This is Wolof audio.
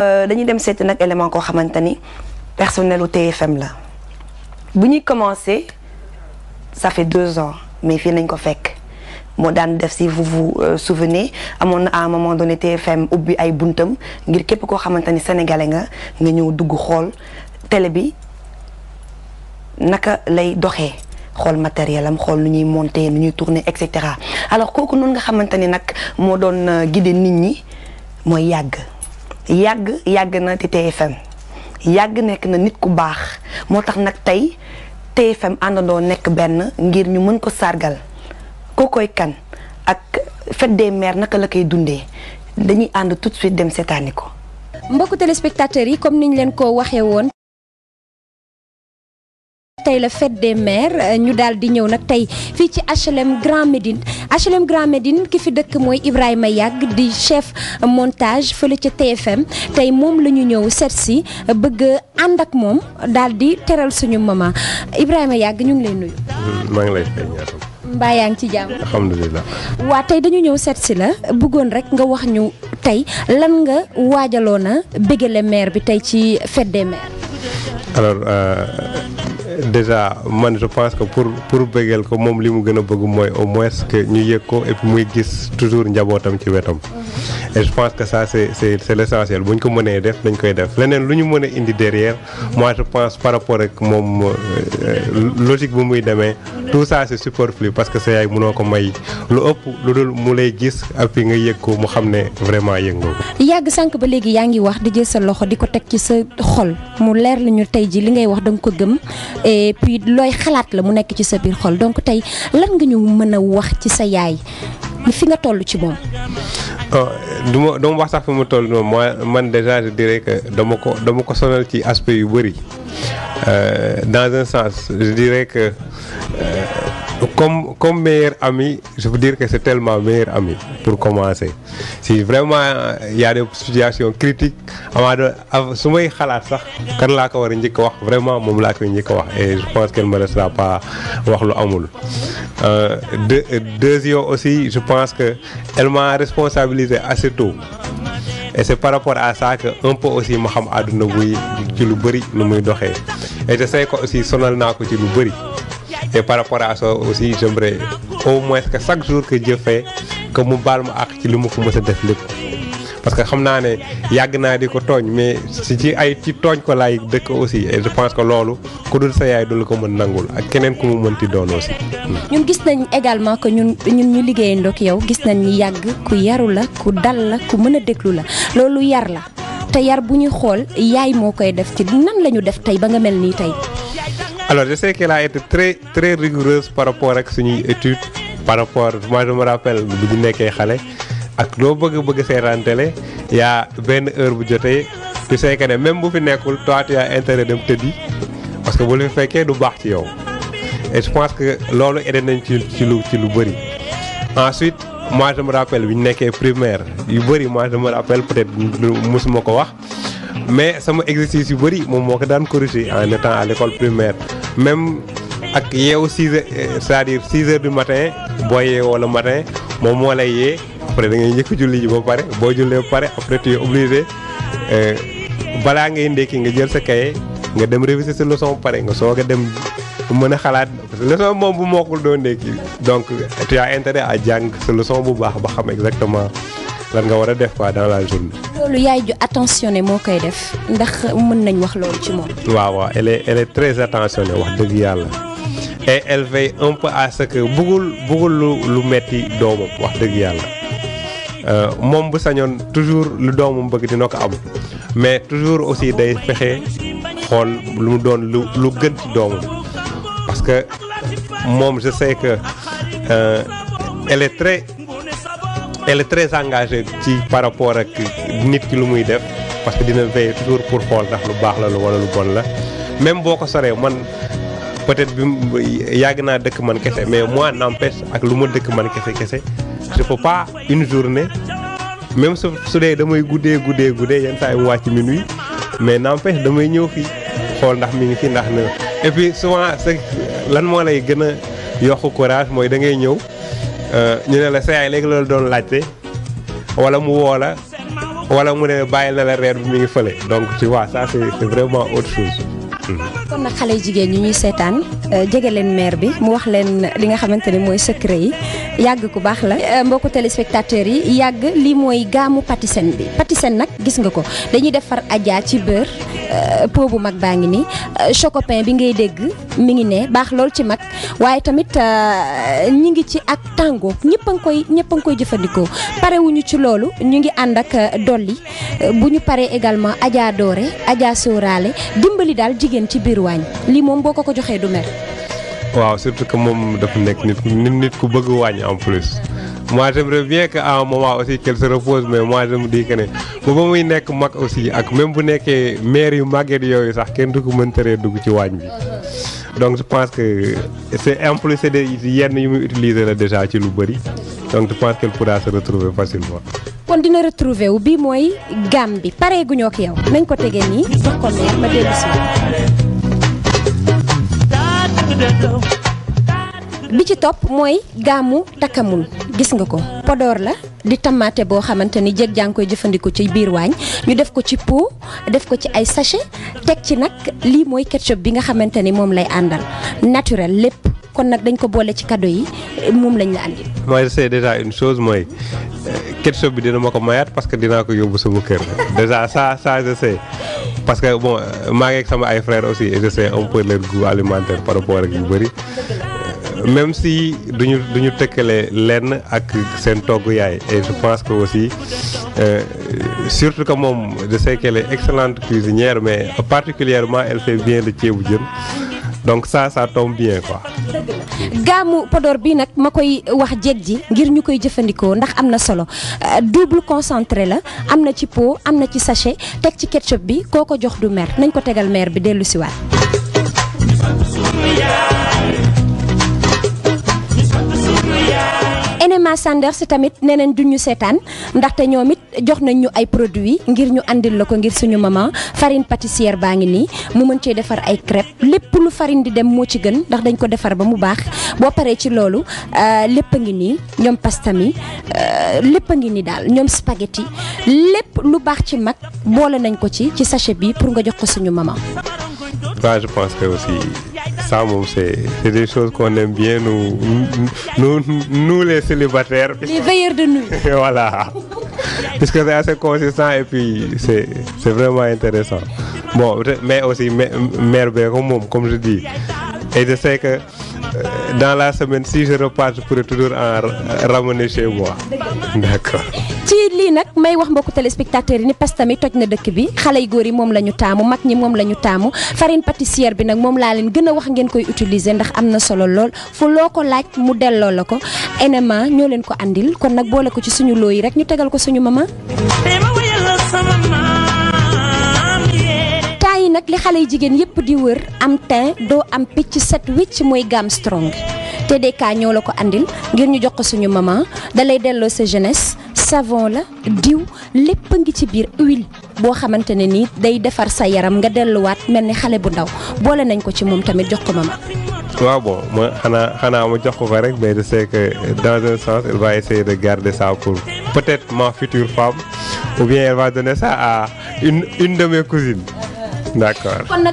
Euh, dañuy dem seeti nag élément koo xamante ni personnel u TFM la bu ñuy commencé ça fait deux ans mais fii nañ ko fekk moo daan def si vous vous euh, amoon na à un moment donné TFM ubbi ay buntam ngir képp koo xamante ni sénégalais nga nga ñëw dugg xool télé bi naka lay doxee xool matériel am xool nu ñuy monter nu ñuy tourner et cetera alors kooku noonu nga xamante ni nag moo doon euh, guider nit ñi mooy yàgg. yàgg yàgg na ci TFM yàgg nekk na nit ku baax moo tax nag tey TFM àndandoo nekk benn ngir ñu mën ko sargal koy kan ak fête des naka la koy dundee dañuy ànd tout de suite dem seetaani ko. mbokku téléspectateurs yi comme niñ leen ko waxee woon. tey la fête des mères euh, ñu daal di ñëw nag tey fii ci HLM Grand Médine HLM ki fi dëkk mooy Ibrahima Yàgg di chef montage fële ca TFM tey moom la ñu ñëw seet si bëgg ànd ak moom daal di teral suñu mama Ibrahima Yàgg ñu ngi lay nuyu. Mm, maa yaa ngi ci jàmm. alhamdulilah. waa tey dañu ñëw seet si la bëggoon rek nga wax ñu tey lan nga waajaloon a bégale bi tey ci fête des mères. Euh, déjà man je pense que pour pour bëggeel ko moom li mu gën a bëgg mooy au moins que ñu yëg ko et muy gis toujours njabootam ci wetam. Mhm. et je pense que ça c'est c'est c'est l'essentiel bu ñu ko mënee def dañ koy def leneen lu ñu mën a indi derrière mhm. moi je pense par rapport ak moom euh, logique bu muy demee tout ça c'est superflu parce que sa yaay munoo ko may. lu ëpp lu dul mu lay gis ak fi nga yëg ko mu xam ne vraiment yëg yàgg sànq ba léegi yaa ngi wax di jël sa loxo di ko teg ci sa xol mu leer la ñu tey ji li ngay wax da nga ko gëm et puis looy xalaat la mu nekk ci sa biir xol donc tey lan nga ñu mën a wax ci sa yaay fi nga toll ci moom. Oh, du ma du wax sax fi mu toll noonu moi man déjà je dirais que dama ko dama ko sonal ci aspect yu bëri euh, dans un sens je dirais que. Euh, comme, comme meilleur ami, je veux dire que c'est tellement meilleur ami pour commencer. Si vraiment il y a des su may xalaat sax kan laa ko war a njëkk wax vraiment moom laa koy njëkk wax et je pense qu'elle me wax lu amul. Euh, deux deuxième aussi je pense que elle m'a responsabilisé assez tôt. et c'est par rapport à ça que un aussi ma xam àdduna buy ci lu bëri nu muy doxee et je sais aussi sonal naa ko ci lu bëri. Et par rapport à ça aussi, j'aimerais au moins que chaque jour que Dieu fait, mu baal ma ak ci li mu ko mës a def lépp. parce que xam naa ne yàgg naa di ko tooñ mais si ci ay ci tooñ ko laay dëkk aussi et je que loolu ku dul sa yaay du la ko mën nangul ak keneen ku mu mënti doon aussi. ñun gis nañ également que ñun ñun ñu liggéeyandoo ak yow gis nañ ni yàgg ku yaru la ku dal la ku mën a déglu la loolu yar la te yar bu ñu xool yaay moo koy def ci nan la ñu def tey ba nga mel nii tey. alors je sais qu'elle a été très très rigoureuse par rapport ak suñuy étude par rapport moi je me rappelle bu ñu nekkee xale ak loo bëgg bëgg seetaan télé yaa benn heure bu jotee tu sais que ne même bu fi nekkul toi tu as intérêt dem tëddi parce que bu la fi fekkee du baax ci yow et je pense que loolu aidé nañ ci ci lu ci lu bëri ensuite moi je me rappelle bi ñu nekkee primaire yu bëri moi je me rappelle peut-être mosuma ko wax mais sama exercice yu bëri moom moo ko daan corriger en étant à l'école même ak yeewu 6 heures euh, c'est-à-dire 6 heures du matin boo yeewoo le matin moom moo lay yee après da ngay njëkk julli ji ba pare boo jullee ba pare après tu es obligé euh, balaa ngay ndékki nga jël sa kaye nga dem réviser sa leçon ba pare nga soog a dem mën a xalaat leçon moom bu mokkul doo ndékki donc tu as intérêt à jàng sa leçon bu baax ba xam exactement lan nga war a def quoi dans la journée. loolu yaay ju attentionné moo koy def ndax mën nañ wax loolu ci moom. waaw waaw est elle est wax dëgg yàlla et elle veille un peu que bugul bugul lu lu metti doomam wax dëgg yàlla euh, moom bu sañoon toujours lu doomam bëgg dina ko am mais toujours aussi day fexe xool lu mu doon lu lu gën ci doomam parce que moom je sais que euh, elle très. elle est très engagée ci par rapport ak nit ki lu muy def parce que dina veiller toujours pour xool ndax lu baax la lu wala lu bon la même boo ko soree man peut-être bi yàgg naa dëkk man kese mais mois nampes ak lu ma dëkk man kese kese je peux pas une journée même su su dee damay guddee guddee guddee yenn waa ci mu wàcc minuit mais n'empêche damay ñëw fii xool ndax mi ngi fi ndax na et puis souvent lan moo lay gën a yokk courage mooy da ngay ñëw. ñu ne la sa léegi loolu doon laajte wala mu woo la wala mu ne bàyyi na la reer bi mu ngi fële donc ci waa ça c' est vraiment autre chose. kon na xale jigéen ñi ñuy seetaan euh, jege leen maire bi mu wax leen li nga xamante ni mooy secret yi yàgg ku baax la euh, mbokku téléspectateurs yi yàgg li mooy gaamu patisen bi patisen nag gis nga ko dañuy defar aja ci bër Euh, pot mag baa ngi nii euh, chocopin bi ngay dégg mu ngi ne baax lool ci mag waaye tamit euh, ñi ngi ci ak tàngoor ñëpp a koy ñëpp ngi koy jëfandikoo parewuñu ci loolu ñu ngi ànd ak dolli bu ñu paree également Adja Doore Adja Sóoraale dimbali daal jigéen ci biir waañ lii moom boo ko ko joxee du mer. waaw surtout que moom dafa nekk nit nit ku bëgg waañ en plus. moi j'aimerais bien que à un moment aussi qu'elle se repose mais moi je me aussi ak même bu nekkee maire yu màgget yooyu sax kenn du ko mën teree dugg ci waañ bi donc pense que c'est en des yenn yu muy utiliser la déjà ci lu bëri donc je pense qu'elle pourra se retrouver facilement. kon dina retrouver wu mooy gam bi pare gu ñoo ko yow nañ ko tegee nii jox ko meer ma déglu si bi ci topp mooy gaamu takkamun gis nga ko podoor la di tamaate boo xamante ni jéeg jaa koy jëfandikoo ci biir waañ ñu def ko ci pot def ko ci ay sachet teg ci nag lii mooy ketchup bi nga xamante ni moom lay àndal naturel lépp kon nag dañ ko boole ci cadeau yi moom lañ la andi. mooy c'est déjà une chose mooy ketchup bi dina ma ko mayaat parce que dinaa ko yóbbu sama kër déjà ça ça je sais parce que bon maa ngi sama ay frères aussi et je sais un peu leur alimentaire par rapport ak yu bari même si duñu duñu tëkkale lenn ak seen togg yaay et je pense que aussi euh, surtout que moom je sais qu'elle cuisinière mais particulièrement elle fait bien le ceebu jën donc ça ça tombe bien quoi. gaamu Podor bi nag ma koy wax jeeg ji ngir ñu koy jëfandikoo ndax am na solo euh, double concentré la am na ci pot am na ci sachet teg ci ketchup bi koo ko jox du mer nañ ko tegal mer bi dellu si waat NMA Sanders tamit nee nañ du ñu seetaan ndaxte ñoom it jox nañ ñu ay produits ngir ñu andil la ko ngir suñu mama farine pâtissière baa ngi nii mu mën cee defar ay crêpes lépp lu farine di dem moo ci gën ndax dañ ko defar ba mu baax boo paree ci loolu euh, lépp a ngi nii ñoom pasta mi euh, lépp a ngi nii daal ñoom spaghetti lépp lu baax ci mag boole nañ ko ci ci sachet bi pour nga jox ko suñu maman. ça moom c'est eh, c'est des choses qu'on aime bien nous nous les célibataires. les veilleurs de nuit. voilà parce que c'est assez consistant et puis c'est c'est vraiment intéressant bon mais aussi mère bee ko comme je dis et je sais que. Euh, dans la semaine si je repasse pour toujours en ramener chez moi d'accord. ci lii nag may wax mbokku téléspectateurs yi ni pasta mi toj na dëkk bi xale yu góor yi moom la ñu taamu mag ñi moom la ñu taamu farine pâtissière bi nag moom laa leen gën a wax ngeen koy utiliser ndax am na solo lool fu loo ko laaj mu delloo la ko enema ñoo leen ko andil kon nag boole ko ci suñu loo yi rek ñu tegal ko suñu mama. nag li xale yi jigéen yëpp di wër am teint doo am picc set wicc mooy te strong TDK ñoo la ko andil ngir ñu jox ko suñu maman dalay delloo sa jeunesse savon la diw lépp ngi ci biir huile boo xamante ne nii day defar sa yaram nga delluwaat mel ni xale bu ndaw boole nañ ko ci moom tamit jox ko maman. waaw bon ma xanaa xanaa ma jox ko ko rek mais je sais que dans un sens elle va essayer de garder ça pour peut-être ma future femme ou bien elle va donner ça à d' :fra accord :fra